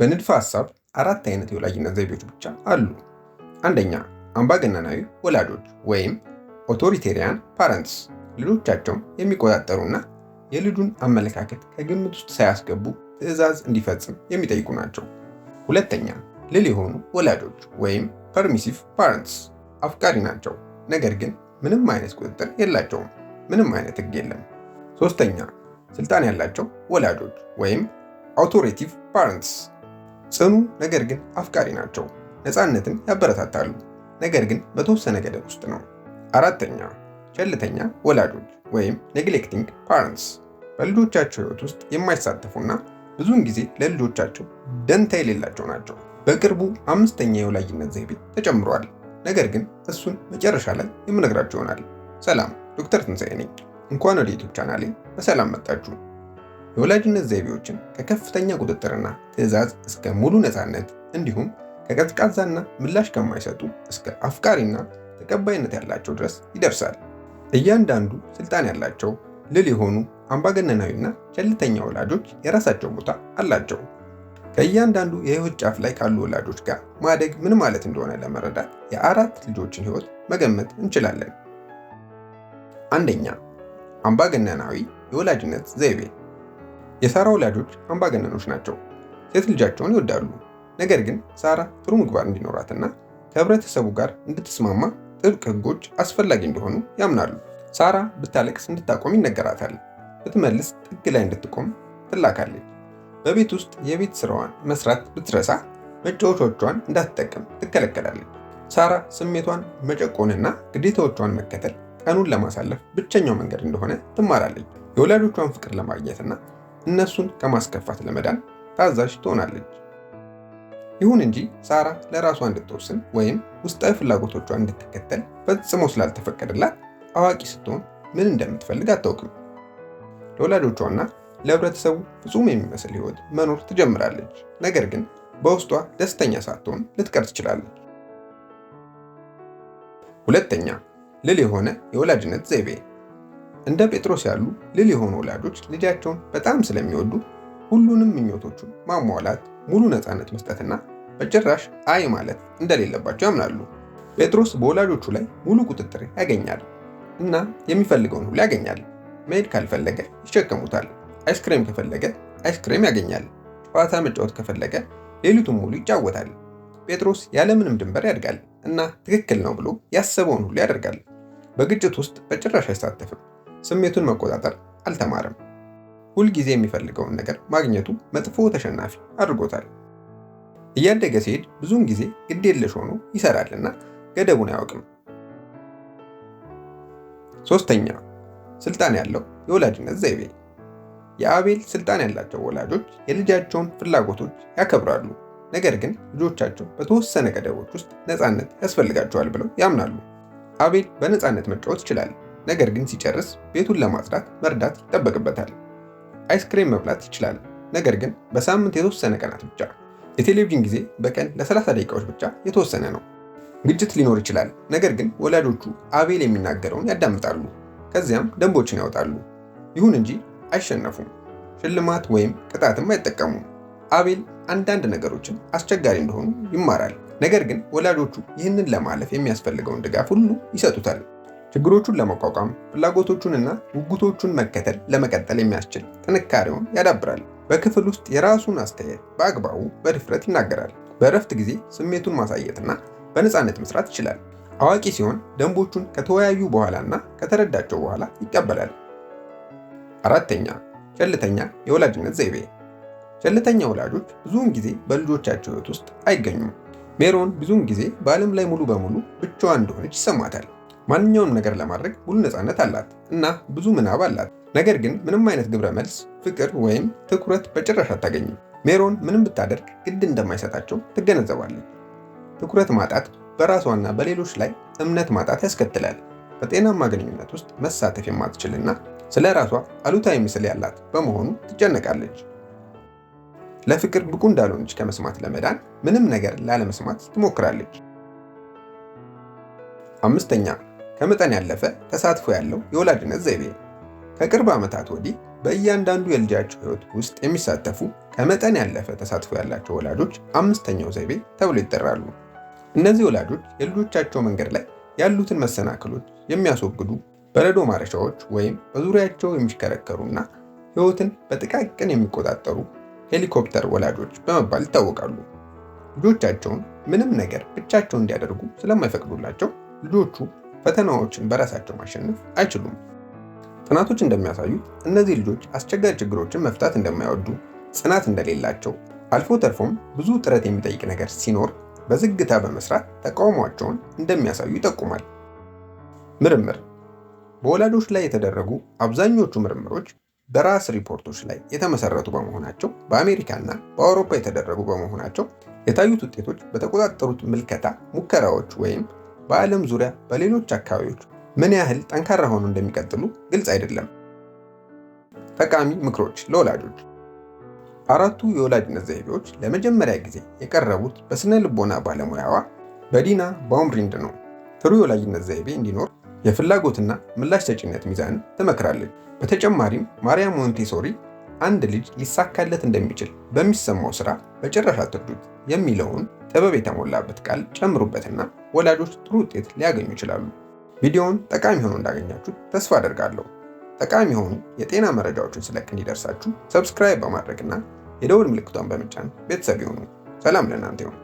በንድፈ ሐሳብ አራት አይነት የወላጅነት ዘይቤዎች ብቻ አሉ። አንደኛ አምባገነናዊ ወላጆች ወይም ኦቶሪቴሪያን ፓረንትስ ልጆቻቸውን የሚቆጣጠሩና የልጁን አመለካከት ከግምት ውስጥ ሳያስገቡ ትዕዛዝ እንዲፈጽም የሚጠይቁ ናቸው። ሁለተኛ ልል የሆኑ ወላጆች ወይም ፐርሚሲቭ ፓረንትስ አፍቃሪ ናቸው፣ ነገር ግን ምንም አይነት ቁጥጥር የላቸውም፣ ምንም አይነት ህግ የለም። ሶስተኛ ስልጣን ያላቸው ወላጆች ወይም አውቶሬቲቭ ፓረንትስ ጽኑ ነገር ግን አፍቃሪ ናቸው። ነፃነትን ያበረታታሉ፣ ነገር ግን በተወሰነ ገደብ ውስጥ ነው። አራተኛ ቸልተኛ ወላጆች ወይም ኔግሌክቲንግ ፓረንትስ በልጆቻቸው ህይወት ውስጥ የማይሳተፉና ብዙውን ጊዜ ለልጆቻቸው ደንታ የሌላቸው ናቸው። በቅርቡ አምስተኛ የወላጅነት ዘይቤ ተጨምሯል፣ ነገር ግን እሱን መጨረሻ ላይ የምነግራችሁ ይሆናል። ሰላም ዶክተር ትንሣኤ ነኝ። እንኳን ወደ ዩቱብ ቻናሌ በሰላም መጣችሁ። የወላጅነት ዘይቤዎችን ከከፍተኛ ቁጥጥርና ትዕዛዝ እስከ ሙሉ ነፃነት እንዲሁም ከቀዝቃዛና ምላሽ ከማይሰጡ እስከ አፍቃሪና ተቀባይነት ያላቸው ድረስ ይደርሳል። እያንዳንዱ ስልጣን ያላቸው ልል የሆኑ አምባገነናዊና ቸልተኛ ወላጆች የራሳቸው ቦታ አላቸው። ከእያንዳንዱ የህይወት ጫፍ ላይ ካሉ ወላጆች ጋር ማደግ ምን ማለት እንደሆነ ለመረዳት የአራት ልጆችን ህይወት መገመት እንችላለን። አንደኛ አምባገነናዊ የወላጅነት ዘይቤ የሳራ ወላጆች አምባገነኖች ናቸው። ሴት ልጃቸውን ይወዳሉ። ነገር ግን ሳራ ጥሩ ምግባር እንዲኖራትና ከህብረተሰቡ ጋር እንድትስማማ ጥብቅ ህጎች አስፈላጊ እንደሆኑ ያምናሉ። ሳራ ብታለቅስ እንድታቆም ይነገራታል። ብትመልስ ጥግ ላይ እንድትቆም ትላካለች። በቤት ውስጥ የቤት ስራዋን መስራት ብትረሳ መጫወቻዎቿን እንዳትጠቀም ትከለከላለች። ሳራ ስሜቷን መጨቆንና ግዴታዎቿን መከተል ቀኑን ለማሳለፍ ብቸኛው መንገድ እንደሆነ ትማራለች። የወላጆቿን ፍቅር ለማግኘትና እነሱን ከማስከፋት ለመዳን ታዛዥ ትሆናለች። ይሁን እንጂ ሳራ ለራሷ እንድትወስን ወይም ውስጣዊ ፍላጎቶቿ እንድትከተል ፈጽሞ ስላልተፈቀደላት አዋቂ ስትሆን ምን እንደምትፈልግ አታውቅም። ለወላጆቿና ለህብረተሰቡ ፍጹም የሚመስል ህይወት መኖር ትጀምራለች። ነገር ግን በውስጧ ደስተኛ ሳትሆን ልትቀር ትችላለች። ሁለተኛ ልል የሆነ የወላጅነት ዘይቤ እንደ ጴጥሮስ ያሉ ልል የሆኑ ወላጆች ልጃቸውን በጣም ስለሚወዱ ሁሉንም ምኞቶቹን ማሟላት፣ ሙሉ ነፃነት መስጠትና በጭራሽ አይ ማለት እንደሌለባቸው ያምናሉ። ጴጥሮስ በወላጆቹ ላይ ሙሉ ቁጥጥር ያገኛል እና የሚፈልገውን ሁሉ ያገኛል። መሄድ ካልፈለገ ይሸከሙታል። አይስክሬም ከፈለገ አይስክሬም ያገኛል። ጨዋታ መጫወት ከፈለገ ሌሊቱን ሙሉ ይጫወታል። ጴጥሮስ ያለምንም ድንበር ያድጋል እና ትክክል ነው ብሎ ያሰበውን ሁሉ ያደርጋል። በግጭት ውስጥ በጭራሽ አይሳተፍም። ስሜቱን መቆጣጠር አልተማረም። ሁልጊዜ የሚፈልገውን ነገር ማግኘቱ መጥፎ ተሸናፊ አድርጎታል። እያደገ ሲሄድ ብዙውን ጊዜ ግዴለሽ ሆኖ ይሰራልና ገደቡን አያውቅም። ሶስተኛ ስልጣን ያለው የወላጅነት ዘይቤ። የአቤል ስልጣን ያላቸው ወላጆች የልጃቸውን ፍላጎቶች ያከብራሉ፣ ነገር ግን ልጆቻቸው በተወሰነ ገደቦች ውስጥ ነፃነት ያስፈልጋቸዋል ብለው ያምናሉ። አቤል በነፃነት መጫወት ይችላል፣ ነገር ግን ሲጨርስ ቤቱን ለማጽዳት መርዳት ይጠበቅበታል። አይስክሬም መብላት ይችላል፣ ነገር ግን በሳምንት የተወሰነ ቀናት ብቻ። የቴሌቪዥን ጊዜ በቀን ለ30 ደቂቃዎች ብቻ የተወሰነ ነው። ግጭት ሊኖር ይችላል፣ ነገር ግን ወላጆቹ አቤል የሚናገረውን ያዳምጣሉ፣ ከዚያም ደንቦችን ያወጣሉ። ይሁን እንጂ አይሸነፉም፣ ሽልማት ወይም ቅጣትም አይጠቀሙም። አቤል አንዳንድ ነገሮችን አስቸጋሪ እንደሆኑ ይማራል፣ ነገር ግን ወላጆቹ ይህንን ለማለፍ የሚያስፈልገውን ድጋፍ ሁሉ ይሰጡታል። ችግሮቹን ለመቋቋም ፍላጎቶቹንና ጉጉቶቹን መከተል ለመቀጠል የሚያስችል ጥንካሬውን ያዳብራል። በክፍል ውስጥ የራሱን አስተያየት በአግባቡ በድፍረት ይናገራል። በእረፍት ጊዜ ስሜቱን ማሳየትና በነፃነት መስራት ይችላል። አዋቂ ሲሆን ደንቦቹን ከተወያዩ በኋላና ከተረዳቸው በኋላ ይቀበላል። አራተኛ ቸልተኛ የወላጅነት ዘይቤ። ቸልተኛ ወላጆች ብዙውን ጊዜ በልጆቻቸው ሕይወት ውስጥ አይገኙም። ሜሮን ብዙውን ጊዜ በዓለም ላይ ሙሉ በሙሉ ብቻዋን እንደሆነች ይሰማታል። ማንኛውንም ነገር ለማድረግ ሙሉ ነፃነት አላት እና ብዙ ምናብ አላት። ነገር ግን ምንም አይነት ግብረ መልስ፣ ፍቅር ወይም ትኩረት በጭራሽ አታገኝም። ሜሮን ምንም ብታደርግ ግድ እንደማይሰጣቸው ትገነዘባለች። ትኩረት ማጣት በራሷና በሌሎች ላይ እምነት ማጣት ያስከትላል። በጤናማ ግንኙነት ውስጥ መሳተፍ የማትችልና ስለ ራሷ አሉታዊ ምስል ያላት በመሆኑ ትጨነቃለች። ለፍቅር ብቁ እንዳልሆነች ከመስማት ለመዳን ምንም ነገር ላለመስማት ትሞክራለች። አምስተኛ ከመጠን ያለፈ ተሳትፎ ያለው የወላጅነት ዘይቤ ነው። ከቅርብ ዓመታት ወዲህ በእያንዳንዱ የልጃቸው ሕይወት ውስጥ የሚሳተፉ ከመጠን ያለፈ ተሳትፎ ያላቸው ወላጆች አምስተኛው ዘይቤ ተብሎ ይጠራሉ። እነዚህ ወላጆች የልጆቻቸው መንገድ ላይ ያሉትን መሰናክሎች የሚያስወግዱ በረዶ ማረሻዎች ወይም በዙሪያቸው የሚሽከረከሩና ሕይወትን በጥቃቅን የሚቆጣጠሩ ሄሊኮፕተር ወላጆች በመባል ይታወቃሉ። ልጆቻቸውን ምንም ነገር ብቻቸውን እንዲያደርጉ ስለማይፈቅዱላቸው ልጆቹ ፈተናዎችን በራሳቸው ማሸነፍ አይችሉም። ጥናቶች እንደሚያሳዩት እነዚህ ልጆች አስቸጋሪ ችግሮችን መፍታት እንደማይወዱ፣ ጽናት እንደሌላቸው፣ አልፎ ተርፎም ብዙ ጥረት የሚጠይቅ ነገር ሲኖር በዝግታ በመስራት ተቃውሟቸውን እንደሚያሳዩ ይጠቁማል። ምርምር በወላጆች ላይ የተደረጉ አብዛኞቹ ምርምሮች በራስ ሪፖርቶች ላይ የተመሰረቱ በመሆናቸው በአሜሪካና በአውሮፓ የተደረጉ በመሆናቸው የታዩት ውጤቶች በተቆጣጠሩት ምልከታ ሙከራዎች ወይም በዓለም ዙሪያ በሌሎች አካባቢዎች ምን ያህል ጠንካራ ሆኖ እንደሚቀጥሉ ግልጽ አይደለም። ጠቃሚ ምክሮች ለወላጆች አራቱ የወላጅነት ዘይቤዎች ለመጀመሪያ ጊዜ የቀረቡት በስነ ልቦና ባለሙያዋ በዲና ባውምሪንድ ነው። ጥሩ የወላጅነት ዘይቤ እንዲኖር የፍላጎትና ምላሽ ሰጪነት ሚዛን ትመክራለች። በተጨማሪም ማርያም ሞንቴሶሪ አንድ ልጅ ሊሳካለት እንደሚችል በሚሰማው ስራ በጭራሽ አትርዱት የሚለውን ጥበብ የተሞላበት ቃል ጨምሩበትና ወላጆች ጥሩ ውጤት ሊያገኙ ይችላሉ። ቪዲዮውን ጠቃሚ ሆኖ እንዳገኛችሁ ተስፋ አደርጋለሁ። ጠቃሚ የሆኑ የጤና መረጃዎችን ስለቅ እንዲደርሳችሁ ሰብስክራይብ በማድረግና የደውል ምልክቷን በመጫን ቤተሰብ ይሁኑ። ሰላም ለእናንተ ይሁን።